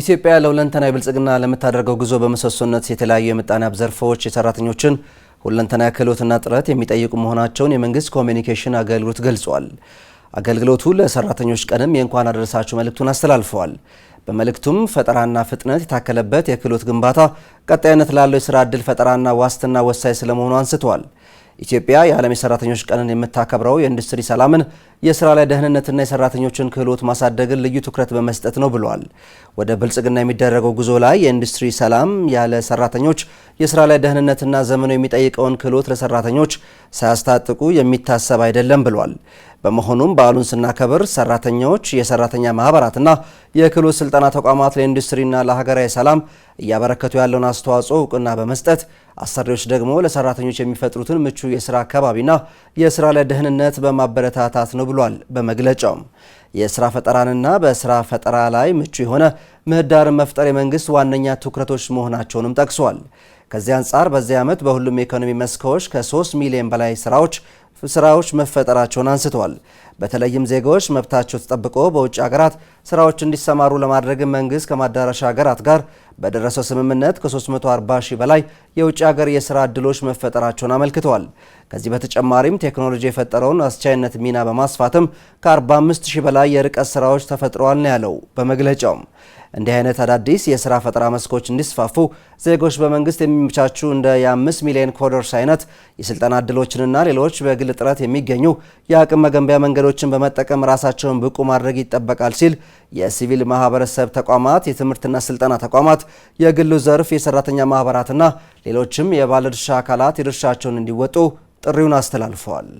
ኢትዮጵያ ለሁለንተና የብልጽግና ለምታደርገው ጉዞ በምሰሶነት የተለያዩ የምጣኔ ሀብት ዘርፎች የሰራተኞችን ሁለንተና ክህሎትና ጥረት የሚጠይቁ መሆናቸውን የመንግስት ኮሚኒኬሽን አገልግሎት ገልጿል። አገልግሎቱ ለሰራተኞች ቀንም የእንኳን አደረሳችሁ መልእክቱን አስተላልፈዋል። በመልእክቱም ፈጠራና ፍጥነት የታከለበት የክህሎት ግንባታ ቀጣይነት ላለው የስራ ዕድል ፈጠራና ዋስትና ወሳኝ ስለመሆኑ አንስተዋል። ኢትዮጵያ የዓለም የሰራተኞች ቀንን የምታከብረው የኢንዱስትሪ ሰላምን፣ የስራ ላይ ደህንነትና የሰራተኞችን ክህሎት ማሳደግን ልዩ ትኩረት በመስጠት ነው ብለዋል። ወደ ብልጽግና የሚደረገው ጉዞ ላይ የኢንዱስትሪ ሰላም ያለ ሰራተኞች የስራ ላይ ደህንነትና ዘመኑ የሚጠይቀውን ክህሎት ለሰራተኞች ሳያስታጥቁ የሚታሰብ አይደለም ብለዋል። በመሆኑም በዓሉን ስናከብር ሰራተኞች፣ የሰራተኛ ማህበራትና የክህሎት ስልጠና ተቋማት ለኢንዱስትሪና ለሀገራዊ ሰላም እያበረከቱ ያለውን አስተዋጽኦ እውቅና በመስጠት አሰሪዎች ደግሞ ለሰራተኞች የሚፈጥሩትን ምቹ የስራ አካባቢና የስራ ላይ ደህንነት በማበረታታት ነው ብሏል። በመግለጫውም የስራ ፈጠራንና በስራ ፈጠራ ላይ ምቹ የሆነ ምህዳርን መፍጠር የመንግስት ዋነኛ ትኩረቶች መሆናቸውንም ጠቅሷል። ከዚህ አንጻር በዚህ ዓመት በሁሉም የኢኮኖሚ መስኮች ከ3 ሚሊዮን በላይ ስራዎች ስራዎች መፈጠራቸውን አንስተዋል። በተለይም ዜጋዎች መብታቸው ተጠብቆ በውጭ ሀገራት ስራዎች እንዲሰማሩ ለማድረግ መንግስት ከማዳረሻ ሀገራት ጋር በደረሰው ስምምነት ከ340 ሺህ በላይ የውጭ ሀገር የስራ ዕድሎች መፈጠራቸውን አመልክተዋል። ከዚህ በተጨማሪም ቴክኖሎጂ የፈጠረውን አስቻይነት ሚና በማስፋትም ከ45 ሺህ በላይ የርቀት ስራዎች ተፈጥረዋል ነው ያለው በመግለጫውም እንዲህ አይነት አዳዲስ የስራ ፈጠራ መስኮች እንዲስፋፉ ዜጎች በመንግስት የሚመቻቹ እንደ የ5 ሚሊዮን ኮደርስ አይነት የስልጠና እድሎችንና ሌሎች በግል ጥረት የሚገኙ የአቅም መገንቢያ መንገዶችን በመጠቀም ራሳቸውን ብቁ ማድረግ ይጠበቃል ሲል የሲቪል ማህበረሰብ ተቋማት፣ የትምህርትና ስልጠና ተቋማት፣ የግሉ ዘርፍ፣ የሰራተኛ ማህበራትና ሌሎችም የባለድርሻ አካላት የድርሻቸውን እንዲወጡ ጥሪውን አስተላልፈዋል።